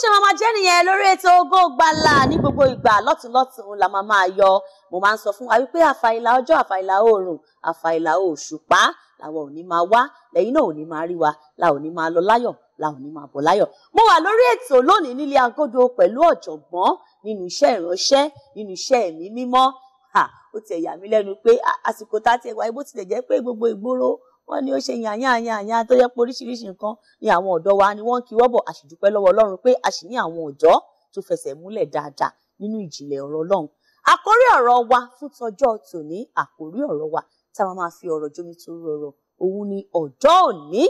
ṣe máa máa jẹ́ nìyẹn lórí ètò Ògo Ìgbàlà ní gbogbo ìgbà lọ́tùnlọ́tùn la máa máa yọ mo máa ń sọ fún wa wípé àfàìlà ọjọ́ àfàìlà oòrùn àfàìlà òṣùpá làwọn ò ní máa wá lẹ́yìn náà ò ní máa rí wa la ò máa lọ láyọ̀ la ò máa bọ̀ láyọ̀ mo wà lórí ètò lónìí nílé agodo pẹ̀lú ọ̀jọ̀gbọ́n nínú iṣẹ́ ìránṣẹ́ nínú iṣẹ́ ẹ̀mí mímọ́ ó ti ẹ̀yà mi lẹ́nu pé àsìkò tá a ti ẹ̀wà ibo tilẹ̀ jẹ́ pé gbogbo ìgboro wọ́n ní ó ṣe yànyànyànyà tó yẹ pé oríṣiríṣi nǹkan ni àwọn ọ̀dọ́ wa ni wọ́n ń kíwọ́bọ̀ a sì dúpẹ́ lọ́wọ́ Ọlọ́run pé a sì ní àwọn ọ̀dọ́ tó fẹsẹ̀ múlẹ̀ dáadáa nínú ìjìnlẹ̀ ọ̀rọ̀ Ọlọ́run àkórí ọ̀rọ̀ wa fún tọjọ́ tòní àkórí ọ̀rọ̀ wa tá a máa fi ọ̀rọ̀ jómi tó rọrọ̀ òun ni ọ̀dọ́ òní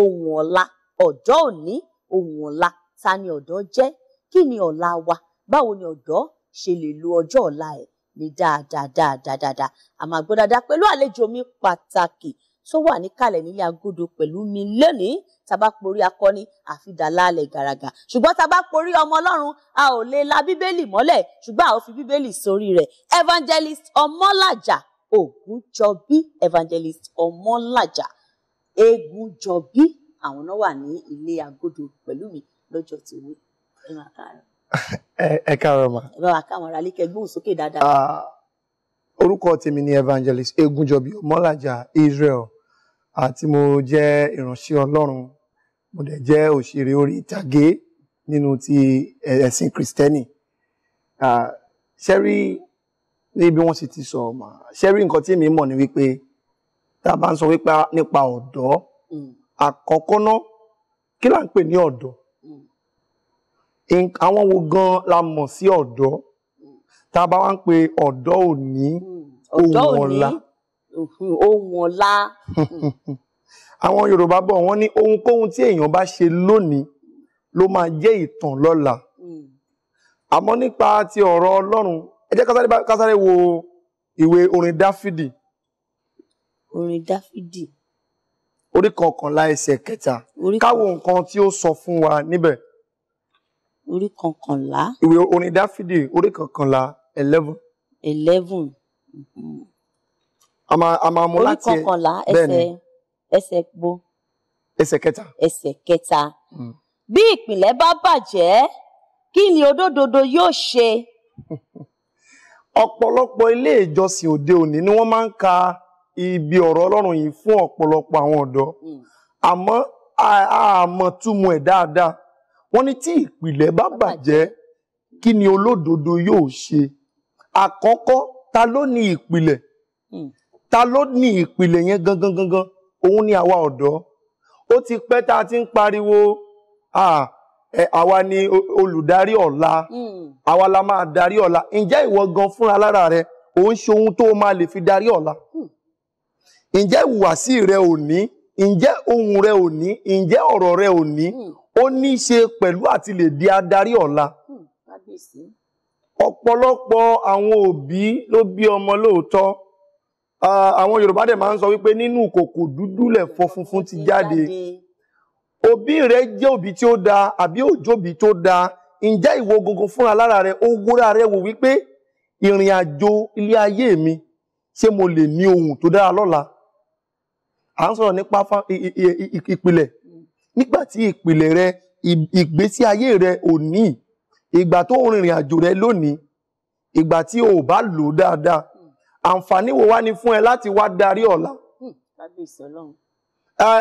ohun ọ̀la ọ̀dọ́ òní ohun ọ̀la ta ni ọ̀dọ́ jẹ́ kí ni ọ̀la wa báwo ni ọ̀dọ́ ṣe lè lo ọjọ́ ọ̀la ẹ̀ ní dáadáa dáadáa dáadáa a máa gbọ́ dáadáa pẹ̀lú àlejò mi pàtàkì tó wà níkàlẹ̀ nílé agodo pẹ̀lú mi lónìí tàbá porí akọni àfi dàlálẹ̀ gàràgà ṣùgbọ́n tàbá porí ọmọ ọlọ́run a ò lè la bíbélì mọ́lẹ̀ ṣùgbọ́n a ò fi bíbélì sórí rẹ̀ evangelist ọmọlàjà ògúnjọbí evangelist ọmọlàjà ègúnjọbí àwọn náà wà ní ilé agodo pẹ̀lú mi lọ́jọ́ tí wí ẹ máa káàárọ̀. ẹ káàárọ̀ ma. ẹ bá wa káwọn ará líkẹ gbóhùn sókè dáadáa. Ah, orúkọ tèmi ni evangelist ègúnjọbí ọmọlàjà Israel àti mo jẹ́ ìránṣẹ́ Ọlọ́run mo dẹ̀ jẹ́ òṣèré orí ìtàgé nínú ti ẹ̀sìn Kristẹni ṣẹ́rí níbi wọ́n sì ti sọ ọmọ ṣẹ́rí nǹkan tí èmi mọ̀ ni wípé tá a bá ń sọ wípé nípa ọ̀dọ́ mm. àkọ́kọ́ náà kí là ń pè ní ọ̀dọ́ mm. àwọn wo gan la mọ̀ sí ọ̀dọ́ mm. tá a bá wá ń pe ọ̀dọ́ òní ohun ọ̀la ohun ọ̀la. àwọn yorùbá bọ̀ wọ́n ní ohunkóhun tí èèyàn bá ṣe lónìí ló máa jẹ́ ìtàn lọ́la hmm. àmọ́ nípa ti ọ̀rọ̀ ọlọ́run ẹ jẹ́ kásáré wo ìwé orin dáfídì. orin dáfídì. orí kọkànlá ẹsẹ̀ kẹta káwo nǹkan tí ó sọ fún wa níbẹ̀. orí kọkànlá. ìwé orin dáfídì orí kọkànlá eleven. eleven. Mm-hmm a máa a máa mú láti orí kọkànlá ẹsẹ̀ ẹsẹ̀ gbó. ẹsẹ̀ kẹta. ẹsẹ̀ kẹta. Hmm. bí ìpìlẹ̀ bá bàjẹ́ kí ni òdòdó yóò ṣe. ọ̀pọ̀lọpọ̀ ilé ìjọsìn òde òní ni wọ́n máa ń ka ibi ọ̀rọ̀ ọlọ́run yìí fún ọ̀pọ̀lọpọ̀ àwọn ọ̀dọ́ hmm. àmọ́ àmọ́ túmọ̀ ẹ̀ dáadáa wọ́n ní tí ìpìlẹ̀ bá bàjẹ́ kí ni olódodo yóò ṣe àkọ́kọ́ ta ló ní ìpìlẹ̀ hmm ta ló ní ìpìlẹ̀ yẹn gangan gangan òun ni àwa ọ̀dọ́ ó ti pẹ́ tá a ti ń pariwo àwa ni olùdarí ọ̀la hmm. àwa la máa darí ọ̀la ǹjẹ́ ìwọ gan fúnra lára rẹ òun ṣe ohun tó máa lè fi darí ọ̀la hmm. ǹjẹ́ ìhùwàsí rẹ ò ní ǹjẹ́ ohun rẹ ò ní ǹjẹ́ ọ̀rọ̀ rẹ ò ní hmm. ó ní í ṣe pẹ̀lú àti lè di adarí ọ̀la ọ̀pọ̀lọpọ̀ àwọn òbí ló bí ọmọ lóòótọ́ Ah, àwọn Yorùbá dẹ̀ máa ń sọ wípé nínú kòkò dúdú lẹ̀fọ́ funfun ti jáde òbí rẹ jẹ́ òbí tí ó dáa àbí òjòbí tó dáa ǹjẹ́ ìwọ gangan fúnra lára rẹ ó wúra rẹ wò wípé ìrìn àjò ilé ayé mi ṣé mo lè ní ohun tó dára lọ́la à ń sọ̀rọ̀ nípa ìpìlẹ̀ nígbà tí ìpìlẹ̀ rẹ ìgbésí ayé rẹ ò ní ìgbà tó ń rìnrìn àjò rẹ lónìí ìgbà tí o ò bá lò ó dáadáa àǹfààní wo wá ni fún ẹ láti wá darí ọ̀la. Hmm,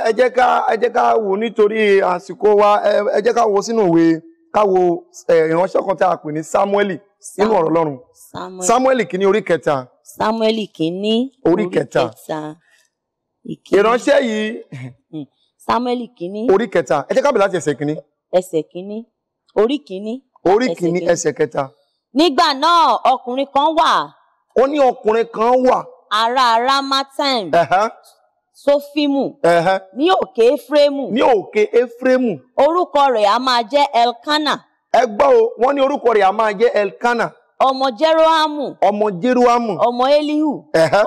ẹ jẹ́ ká ẹ jẹ́ ká wò nítorí àsìkò wa ẹ jẹ́ ká wo sínú ìwé ká wo ìránṣẹ́ kan tí a pè ní Sámúẹ́lì nínú ọ̀rọ̀ Ọlọ́run Sámúẹ́lì kìíní orí kẹta. Sámúẹ́lì kìíní orí kẹta. ìránṣẹ́ yìí. Hmm, Sámúẹ́lì kìíní orí kẹta ẹ ká bẹ̀rẹ̀ láti ẹsẹ̀ kìíní. ẹsẹ̀ kìíní orí kìíní. orí kìíní ẹsẹ̀ kẹta. nígbà náà ọkùnrin kan wà ó ní ọkùnrin kan wà. ará Ramataim. Sófímù. ní òkè Éfrémù. ní òkè Efremu: orúkọ rẹ̀ a máa jẹ́ Elkana. ẹ gbọ́ o wọ́n ní orúkọ rẹ̀ a máa jẹ́ Elkana ọmọ jerohamu ọmọ jerohamu ọmọ elihu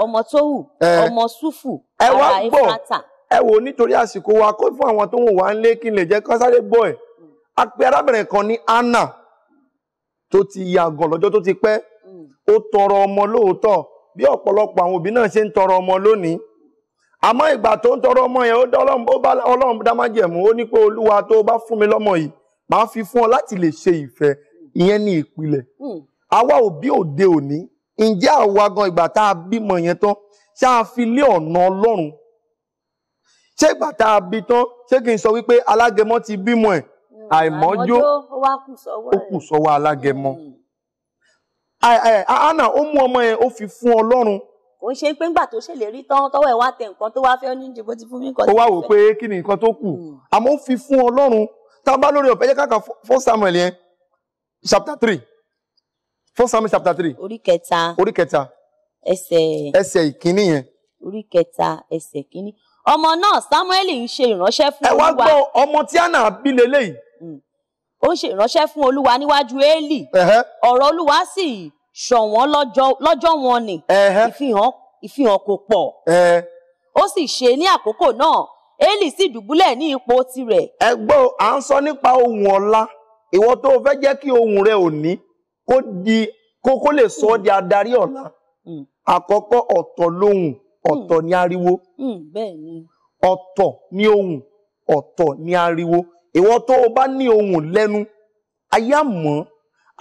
ọmọ tohu ọmọ sufu ara efrata. ẹ wò nítorí àsìkò wa kó fún àwọn tó ń wà ń lé kí n lè jẹ kán sáré bọ ẹ a pe arábìnrin kan ní anna tó ti yàgàn lọ́jọ́ tó ti pẹ́ ó tọrọ ọmọ lóòótọ́ bí ọ̀pọ̀lọpọ̀ àwọn òbí náà ṣe ń tọrọ ọmọ lónìí àmọ́ ìgbà tó ń tọrọ ọmọ yẹn ó dá ọlọ́run dá májẹ̀mú ó ní pé olúwa tó bá fún mi lọ́mọ yìí màá fi fún ọ láti lè ṣe ìfẹ́ ìyẹn ní ìpìlẹ̀ hmm. àwa òbí òde òní ǹjẹ́ àwa gan ìgbà tá a bímọ yẹn tán ṣá a fi lé ọ̀nà ọlọ́run ṣé ìgbà tá a bí tán ṣé kí n sọ wípé alágẹmọ ti bímọ ẹ̀ hmm. àìmọ́jó ó kù sọ́wọ́ alágẹmọ. Mm. Anna ó mú ọmọ yẹn ó fi fún Ọlọ́run kò ń ṣe pé ńgbà tó ṣèlérí tán tọwọ́ ẹ̀ wá tẹ nǹkan tó wá fẹ́ ní ìdìbò ti fún mi nǹkan tó fẹ́. ó wá wò pé kí ni nǹkan tó kù hmm. àmọ́ ó fi fún Ọlọ́run tá a bá lórí ọ̀fẹ́ jẹ́ káàkà First Samuel yẹn chapter three First Samuel chapter three. orí kẹta orí kẹta ẹsẹ̀ ẹsẹ̀ ìkíní yẹn. orí kẹta ẹsẹ̀ ìkíní ọmọ náà Samuel ń ṣe ìránṣẹ́ fún Olúwa. ẹ wá gbọ́ ọmọ tí Anna bí lélẹ́yìí hmm ó ń ṣe ìránṣẹ́ fún olúwa níwájú Élì ọ̀rọ̀ olúwa sì ṣọ̀ wọ́n lọ́jọ́ wọn ni ìfihàn ìfihàn kò pọ̀ ó sì ṣe ní àkókò náà Élì sì dùbúlẹ̀ ní ipò tirẹ̀. ẹgbọ́n à ń sọ nípa ohun ọ̀la ìwọ tó fẹ́ jẹ́ kí ohun rẹ òní kó di kó kó lè sọ ọ́ di adarí ọ̀la hmm. àkọ́kọ́ ọ̀tọ̀ lóhùn ọ̀tọ̀ hmm. ni ariwo hmm, ọ̀tọ̀ ni ohùn ọ̀tọ̀ ni ariwo ìwọ tó o bá ní ohun lẹ́nu ayé àmọ́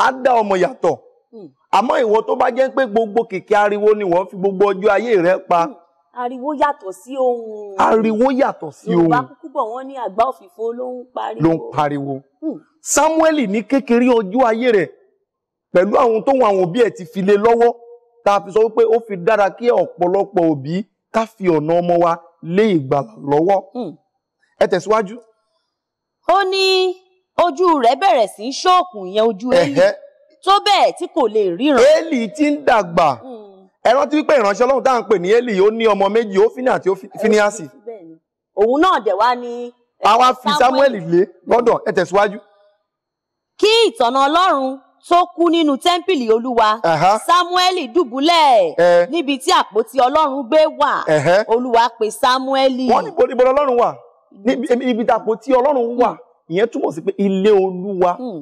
á dá ọmọ yàtọ̀ hmm. àmọ́ ìwọ tó bá jẹ́ pé gbogbo kìkì ariwo ni wọ́n fi gbogbo ọjọ́ ayé rẹ pa. Hmm. ariwo yàtọ̀ sí ohun. ariwo yàtọ̀ sí ohun. yorùbá kúkú bọ̀ wọ́n ní àgbá òfìfo ló ń pariwo. ló ń pariwo. Hmm. sámúẹ́lì ní kékeré ọjọ́ ayé rẹ̀ pẹ̀lú àwọn tóun àwọn òbí ẹ̀ ti fi lé lọ́wọ́ tá a fi sọ wípé ó fi dára kí ọ̀pọ̀lọpọ̀ òbí ká fi ọ̀nà ọmọ wa lé ìgbàlà lọ́wọ́. ẹ tẹ̀síwájú ó ní ojú rẹ̀ bẹ̀rẹ̀ sí í ṣóòkùn ìyẹn ojú Élì tó bẹ́ẹ̀ tí kò lè ríran. Élì ti ń dàgbà hmm. ẹ rántí wípé ìránṣẹ́ Ọlọ́run tá à ń pè ní Élì ó ní ọmọ méjì ó fínà àti ó fíníàsì. òun náà dẹ̀ wá ní. àwa eh, fi Samuel lé lọ́dọ̀ ẹ tẹ̀síwájú. kí ìtọ̀nà Ọlọ́run tó kú nínú tẹ́ḿpìlì olúwa samueli dùbúlẹ̀ níbi tí àpótí ọlọ́run gbé wà olúwa pè samueli. wọ́n ní bolibolo ọlọ́run wà ibi dàpọ̀ tí ọlọ́run wà hmm. ìyẹn túmọ̀ sí pé ilé olúwa hmm.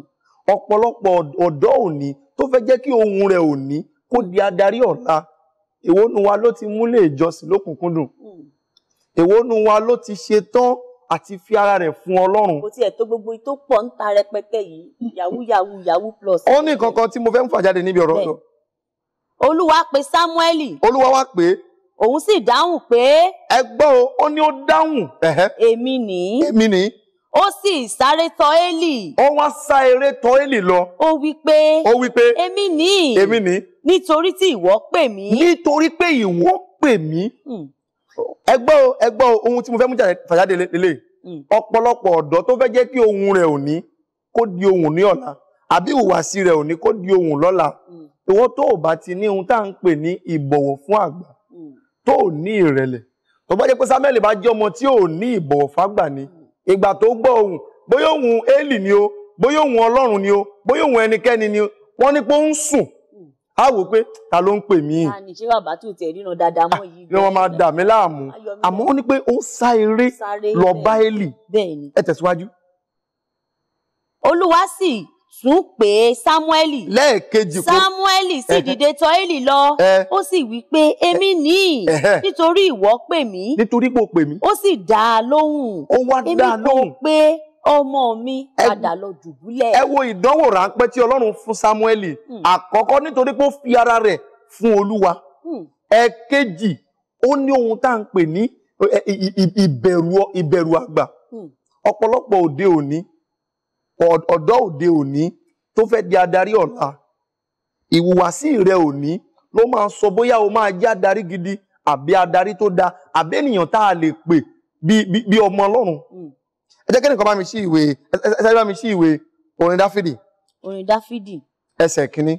ọ̀pọ̀lọpọ̀ ọ̀dọ́ òní tó fẹ́ jẹ́ kí ohun rẹ̀ òní kó di adarí ọ̀la èwo nu wa ló ti múlé ìjọsìn lókùnkúndùn hmm. èwo nu wa ló ti ṣe tán àti fi ara rẹ̀ fún ọlọ́run. kò tiẹ̀ tó gbogbo tó pọ̀ ń ta rẹpẹtẹ yìí yahoo yahoo yahoo plus. ó ní nǹkan tí mo fẹ́ ń fà níbi ọ̀rọ̀ ọ̀dọ̀. olúwa pe samueli. olúwa wá pè é òun sì dáhùn pé. ẹ gbọ́ o ó ní ó dáhùn. èmi ni. èmi ni. ó sì sáré tọ̀ Élì. ó wá sá eré tọ̀ Élì lọ. ó wí pé. ó wí pé. èmi ni. èmi ni. nítorí tí ìwọ pè mí. nítorí pé ìwọ pè mí. Hmm. ẹ gbọ́ o ẹ gbọ́ o ohun tí mo fẹ́ mú fàjáde lélẹ̀. Hmm. ọ̀pọ̀lọpọ̀ ọ̀dọ́ tó fẹ́ jẹ́ kí ohun rẹ̀ òní kó di ohun ní ọ̀la àbí ìhùwàsí rẹ̀ òní kó di ohun lọ́la. Hmm. ìwọ tó o bá ti ní ohun tá à ń pè ní ìbọ̀wọ̀ fún àgbà tó ní ìrẹ̀lẹ̀ tó bá jẹ́ pé Samuel bá jẹ́ ọmọ tí ò ní ìbọ̀wọ̀ fágbà ni ìgbà tó gbọ́ ohùn bóyá ohùn Élì ni o bóyá ohùn Ọlọ́run ni o bóyá ohùn ẹnikẹ́ni ni o wọ́n ní pé ó ń sùn á wò pé ta ló ń pè mí. àníṣe bàbá tó tẹ̀ nínú dáadáa mọ́ yìí. ni wọ́n máa dà mí láàmú àmọ́ wọ́n ní pé ó sá eré lọ bá Élì ẹ tẹ̀síwájú. Olúwa sì tún pè Samueli, sámúẹ́lì. lẹ́ẹ̀kejì kó sámúẹ́lì sì dìde tọ̀ Élì lọ ó sì wí pé èmi ní nítorí ìwọ pè mí. nítorí pé pè mí. ó sì dá a lóhùn. ó wá dá a lóhùn. èmi kò pé ọmọ mi padà lọ dùbúlẹ̀. ẹ wo ìdánwò ráńpẹ́ tí ọlọ́run fún Samueli. Hmm. àkọ́kọ́ nítorí pé ó fi ara rẹ̀ fún olúwa. Hmm. ẹ̀kejì ó ní ohun tá à ń pè ní ìbẹ̀rù àgbà hmm. ọ̀pọ̀lọpọ̀ òde òní ọ̀dọ́ òde òní tó fẹ́ di adarí ọ̀la ìhùwàsí rẹ òní ló máa sọ bóyá o máa jẹ́ adarí gidi àbí adarí tó dáa àbí ènìyàn tá a lè pè bí ọmọ ọlọ́run hmm. ẹ jẹ́ kí nìkan bá mi sí ìwé ẹ sáré bá mi sí ìwé orin dáfídì. orin dáfídì. ẹsẹ̀ kínní.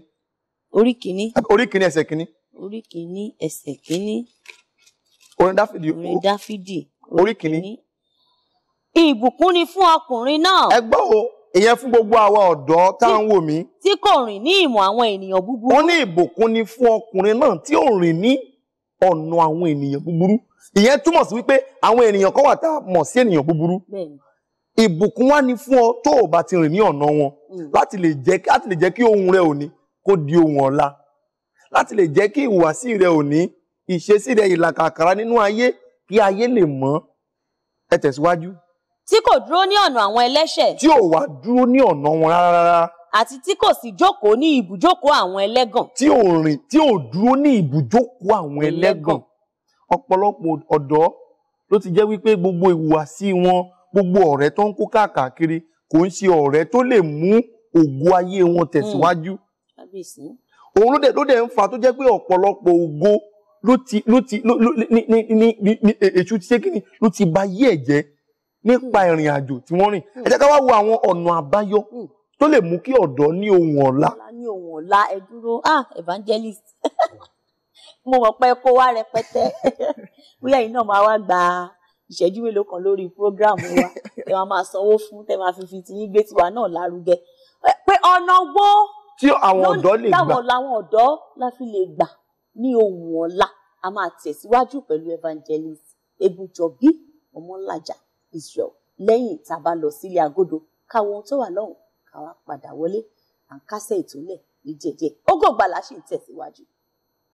orí kínní. orí kínní ẹsẹ̀ kínní. orí kínní ẹsẹ̀ kínní. orin dáfídì. orin dáfídì. orí kínní. ìbùkún ni fún ọkùnrin náà. ẹ gbọ́ o ìyẹn fún gbogbo àwa ọ̀dọ́ tá à ń wò mí. tí kò rìn ní ìmọ̀ àwọn ènìyàn búburú. wọ́n ní ìbùkún ni fún ọkùnrin náà tí ò rìn ní ọ̀nà àwọn ènìyàn búburú ìyẹn túmọ̀ sí wípé àwọn ènìyàn kan wà tá a mọ̀ sí ènìyàn búburú. ìbùkún wá ni fún ọ tó o bá ti rìn ní ọ̀nà wọn hmm. láti lè jẹ́ kí ohun rẹ òní kó di ohun ọ̀la láti lè jẹ́ kí ìhùwàsí rẹ òní ìṣesí rẹ ìlàkàkàrà nínú ayé kí ayé lè mọ̀ ẹ tẹ̀síwájú tí kò dúró ní ọ̀nà àwọn ẹlẹ́ṣẹ̀. tí ò wá dúró ní ọ̀nà wọn rárá. àti tí kò sì jókòó ní ibùjókòó àwọn ẹlẹ́gàn. tí ò rìn tí ò dúró ní ibùjókòó àwọn ẹlẹ́gàn. ọ̀pọ̀lọpọ̀ ọ̀dọ́ ló ti jẹ́ wípé gbogbo ìhùwàsí wọn gbogbo ọ̀rẹ́ tó ń kó káàkiri kò ń ṣe ọ̀rẹ́ tó lè mú ògo ayé wọn tẹ̀síwájú. Hmm. òun ló dẹ̀ ló dẹ̀ ń fa tó jẹ́ pé ọ̀pọ̀lọpọ̀ ògo ló ti ló ti ló ní ní ní èṣù ti ṣé kíni ló ti bà ayé ẹ̀ jẹ́ nípa ìrìn àjò tí wọ́n rìn ẹ jẹ́ ká wá wo àwọn ọ̀nà àbáyọ hmm. tó lè mú kí ọ̀dọ́ ní ohun ọ̀la. ní ohun ọ̀la ẹ dúró ah evangelist mo mọ̀ pé kó wá rẹpẹtẹ bóyá yìí náà máa wá gba ìṣẹ́jú mélòó kan lórí program wa ẹ máa máa sanwó fún tẹ máa fi fi ti yín gbé tiwa náà lárugẹ pé ọ̀nà wo tí àwọn ọ̀dọ́ lè gbà táwọn ọ̀dọ́ la fi lè gbà ní ohun ọ̀la a máa tẹ̀síwájú pẹ̀lú evangelist Egunjobi Ọmọlájà Israel lẹ́yìn tá a bá lọ sílé agodo káwọn ohun tó wà lọ́hùn káwa padà wọlé à ń kásẹ̀ ìtúlẹ̀ ní jẹ́jẹ́ Ògo Ìgbàlà ṣì ń